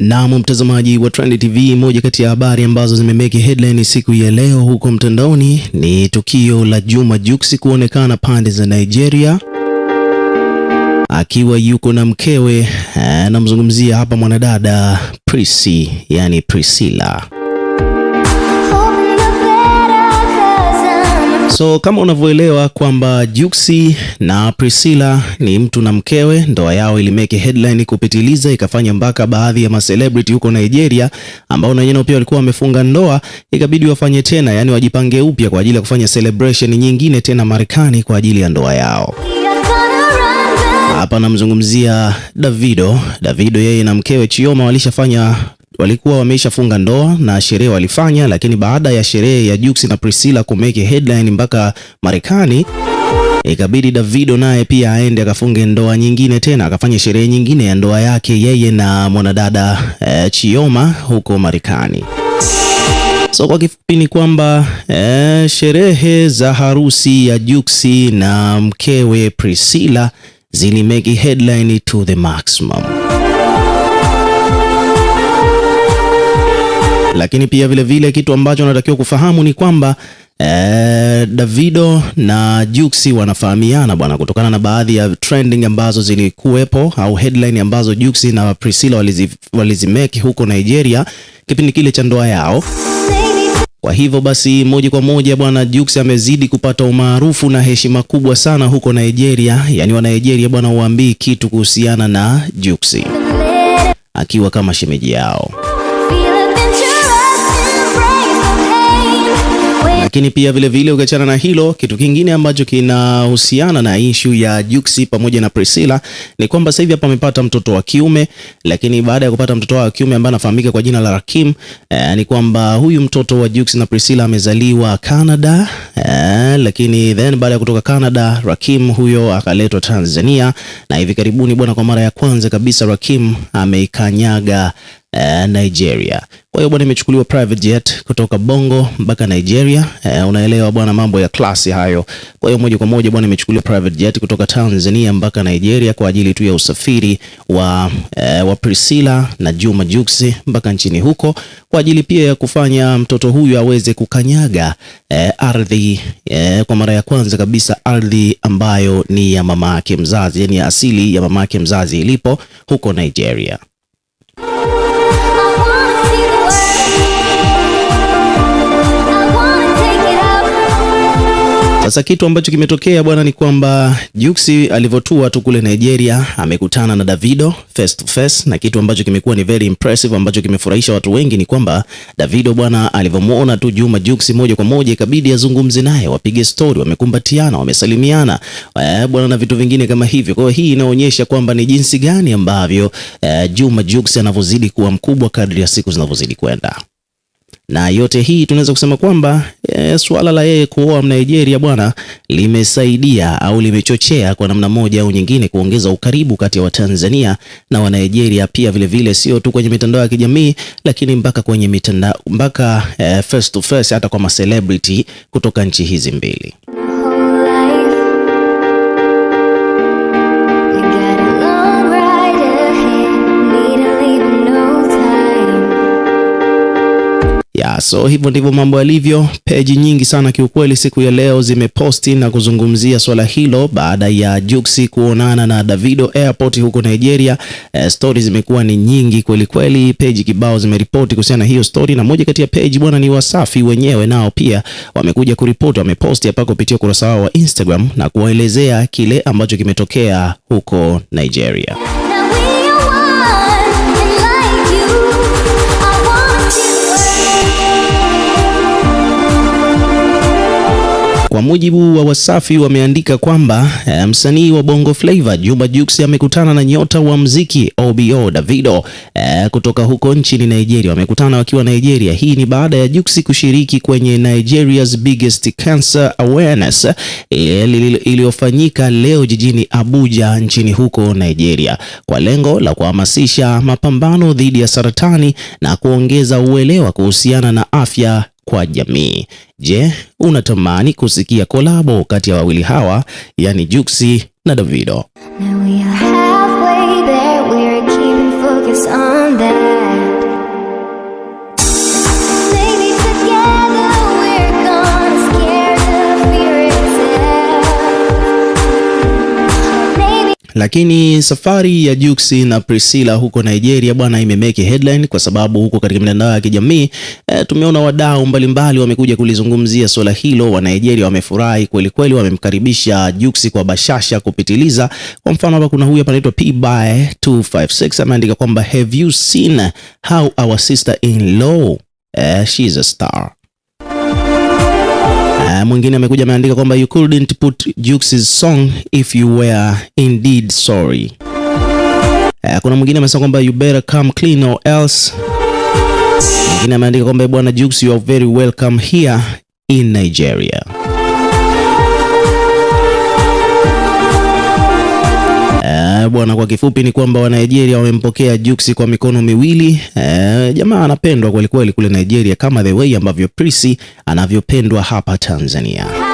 Naam, mtazamaji wa Trend TV, moja kati ya habari ambazo zimemeki headline siku ya leo huko mtandaoni ni tukio la Juma Jux kuonekana pande za Nigeria akiwa yuko na mkewe. Anamzungumzia eh, hapa mwanadada Prissy, yani Priscilla. So kama unavyoelewa kwamba Juksi na Priscilla ni mtu na mkewe, ndoa yao ilimeke headline kupitiliza, ikafanya mpaka baadhi ya macelebrity huko Nigeria ambao na wenyewe pia walikuwa wamefunga ndoa, ikabidi wafanye tena, yani wajipange upya kwa ajili ya kufanya celebration nyingine tena Marekani kwa ajili ya ndoa yao. Hapa namzungumzia Davido. Davido yeye na mkewe Chioma walishafanya walikuwa wameshafunga ndoa na sherehe walifanya, lakini baada ya sherehe ya Jux na Priscilla kumeke headline mpaka Marekani, ikabidi Davido naye pia aende akafunge ndoa nyingine tena, akafanya sherehe nyingine ya ndoa yake yeye na mwanadada eh, Chioma huko Marekani. So kwa kifupi ni kwamba eh, sherehe za harusi ya Jux na mkewe Priscilla zilimeki headline to the maximum. lakini pia vile vile kitu ambacho natakiwa kufahamu ni kwamba Eh, Davido na Juksi wanafahamiana bwana, kutokana na baadhi ya trending ambazo zilikuwepo au headline ambazo Juksi na Priscilla walizi, huko Nigeria kipindi kile cha ndoa yao. Kwa hivyo basi, moja kwa moja bwana, Jux amezidi kupata umaarufu na heshima kubwa sana huko Nigeria. Yaani wa Nigeria bwana, uambii kitu kuhusiana na Jux akiwa kama shemeji yao. Lakini pia vile ukiachana na hilo, kitu kingine ambacho kinahusiana na ishu ya Juksi pamoja na Priscilla ni kwamba sasa hivi hapa amepata mtoto wa kiume, lakini baada ya kupata mtoto wa kiume ambaye anafahamika kwa jina la Rakim eh, ni kwamba huyu mtoto wa Juksi na Priscilla amezaliwa Canada eh, lakini then baada ya kutoka Canada Rakim huyo akaletwa Tanzania na hivi karibuni bwana, kwa mara ya kwanza kabisa Rakim ameikanyaga uh, Nigeria. Kwa hiyo bwana, imechukuliwa private jet kutoka Bongo mpaka Nigeria. Uh, unaelewa bwana, mambo ya klasi hayo. Kwa hiyo moja kwa moja bwana, imechukuliwa private jet kutoka Tanzania mpaka Nigeria kwa ajili tu ya usafiri wa, uh, wa Priscilla na Juma Jux mpaka nchini huko kwa ajili pia ya kufanya mtoto huyu aweze kukanyaga uh, ardhi uh, kwa mara ya kwanza kabisa, ardhi ambayo ni ya mama yake mzazi, yani asili ya mama yake mzazi ilipo huko Nigeria. Sasa kitu ambacho kimetokea bwana ni kwamba Jux alivyotua tu kule Nigeria amekutana na Davido face to face, na kitu ambacho kimekuwa ni very impressive ambacho kimefurahisha watu wengi ni kwamba Davido bwana alivyomwona tu Juma Jux moja kwa moja ikabidi azungumze naye, wapige story, wamekumbatiana, wamesalimiana eh, bwana na vitu vingine kama hivyo. Kwa hiyo hii inaonyesha kwamba ni jinsi gani ambavyo eh, Juma Jux anavyozidi kuwa mkubwa kadri ya siku zinavyozidi kwenda na yote hii tunaweza kusema kwamba e, suala la yeye kuoa Mnigeria bwana limesaidia au limechochea kwa namna moja au nyingine kuongeza ukaribu kati ya Watanzania na Wanigeria pia vilevile, sio tu kwenye mitandao ya kijamii, lakini mpaka kwenye mitandao mpaka e, face to face hata kwa celebrity kutoka nchi hizi mbili. So hivyo ndivyo mambo yalivyo. Peji nyingi sana kiukweli siku ya leo zimeposti na kuzungumzia swala hilo baada ya Juksi kuonana na Davido airport huko Nigeria. E, eh, stori zimekuwa ni nyingi kweli kweli, peji kibao zimeripoti kuhusiana na hiyo stori, na moja kati ya peji bwana ni Wasafi wenyewe, nao pia wamekuja kuripoti, wameposti hapa kupitia ukurasa wao wa Instagram na kuwaelezea kile ambacho kimetokea huko Nigeria. Kwa mujibu wa Wasafi wameandika kwamba eh, msanii wa Bongo Flava Juma Jux amekutana na nyota wa mziki OBO Davido eh, kutoka huko nchini Nigeria. Wamekutana wakiwa Nigeria. Hii ni baada ya Jux kushiriki kwenye Nigeria's Biggest Cancer Awareness eh, iliyofanyika leo jijini Abuja nchini huko Nigeria kwa lengo la kuhamasisha mapambano dhidi ya saratani na kuongeza uelewa kuhusiana na afya kwa jamii. Je, unatamani kusikia kolabo kati ya wawili hawa, yani Juksi na Davido? Lakini safari ya Jux na Priscilla huko Nigeria bwana, imemeke headline kwa sababu huko katika mitandao ya kijamii e, tumeona wadau mbalimbali wamekuja kulizungumzia swala hilo. Wa Nigeria wamefurahi kweli kweli, wamemkaribisha Jux kwa bashasha kupitiliza. Kwa mfano hapa kuna huyu hapa anaitwa Pby 256 ameandika kwamba have you seen how our sister in law uh, eh, she's a star Uh, mwingine amekuja ameandika kwamba you couldn't put Jux's song if you were indeed sorry. Uh, kuna mwingine amesema kwamba you better come clean or else. Mwingine ameandika kwamba bwana Jux you are very welcome here in Nigeria. bwana. Kwa kifupi ni kwamba wa Nigeria wamempokea Jux kwa mikono miwili. E, jamaa anapendwa kwelikweli kule Nigeria kama the way ambavyo Prissy anavyopendwa hapa Tanzania.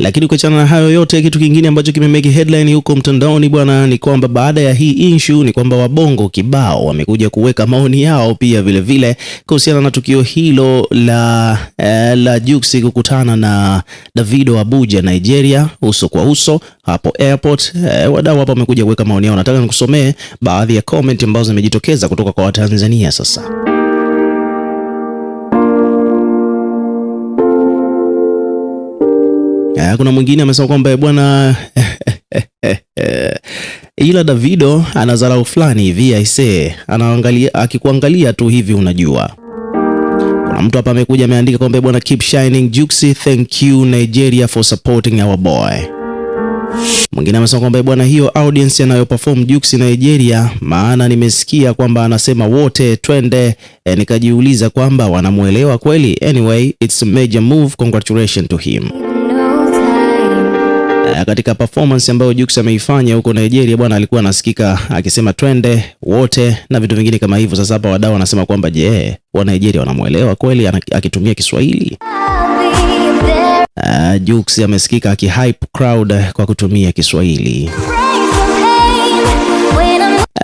Lakini kuachana na hayo yote, kitu kingine ambacho kimemeki headline huko mtandaoni bwana ni kwamba baada ya hii issue ni kwamba wabongo kibao wamekuja kuweka maoni yao pia vilevile kuhusiana na tukio hilo la, eh, la Jux kukutana na Davido Abuja Nigeria, uso kwa uso hapo airport. Eh, wadau hapa wamekuja kuweka maoni yao. Nataka nikusomee baadhi ya comment ambazo zimejitokeza kutoka kwa Watanzania sasa Eh, kuna mwingine amesema kwamba eh, bwana eh, eh, ila Davido ana dharau fulani hivi aisee, anaangalia akikuangalia tu hivi unajua. Kuna mtu hapa amekuja ameandika kwamba bwana, keep shining Juksi, thank you Nigeria for supporting our boy. Mwingine amesema kwamba bwana, hiyo audience anayo perform Juksi Nigeria, maana nimesikia kwamba anasema wote twende eh, nikajiuliza kwamba wanamuelewa kweli. Anyway, it's a major move, congratulations to him. Eh, katika performance ambayo Jux ameifanya huko Nigeria bwana, alikuwa anasikika akisema twende wote na vitu vingine kama hivyo. Sasa hapa wadau wanasema kwamba je, wa Nigeria wanamwelewa kweli akitumia Kiswahili? Uh, Jux amesikika akihype crowd kwa kutumia Kiswahili.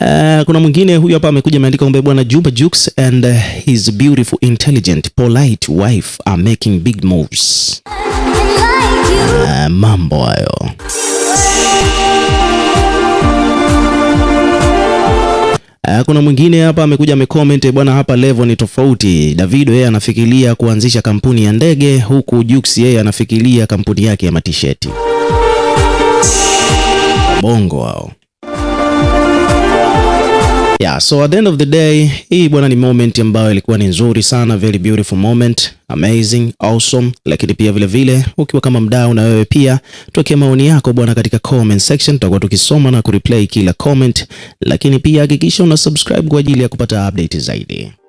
Uh, kuna mwingine huyu hapa amekuja ameandika kwamba bwana Jumba Jux and his beautiful intelligent polite wife are making big moves. Eh, mambo hayo eh, Kuna mwingine hapa amekuja amecomment bwana, hapa level ni tofauti. Davido yeye anafikiria kuanzisha kampuni ya ndege, huku Jux yeye anafikiria kampuni yake ya matisheti. Bongo hao yeah, so at the end of the day hii bwana ni moment ambayo ilikuwa ni nzuri sana, very beautiful moment, amazing, awesome. Lakini pia vile vile ukiwa kama mdau na wewe pia tuwekee maoni yako bwana katika comment section, tutakuwa tukisoma na kureplay kila comment, lakini pia hakikisha una subscribe kwa ajili ya kupata update zaidi.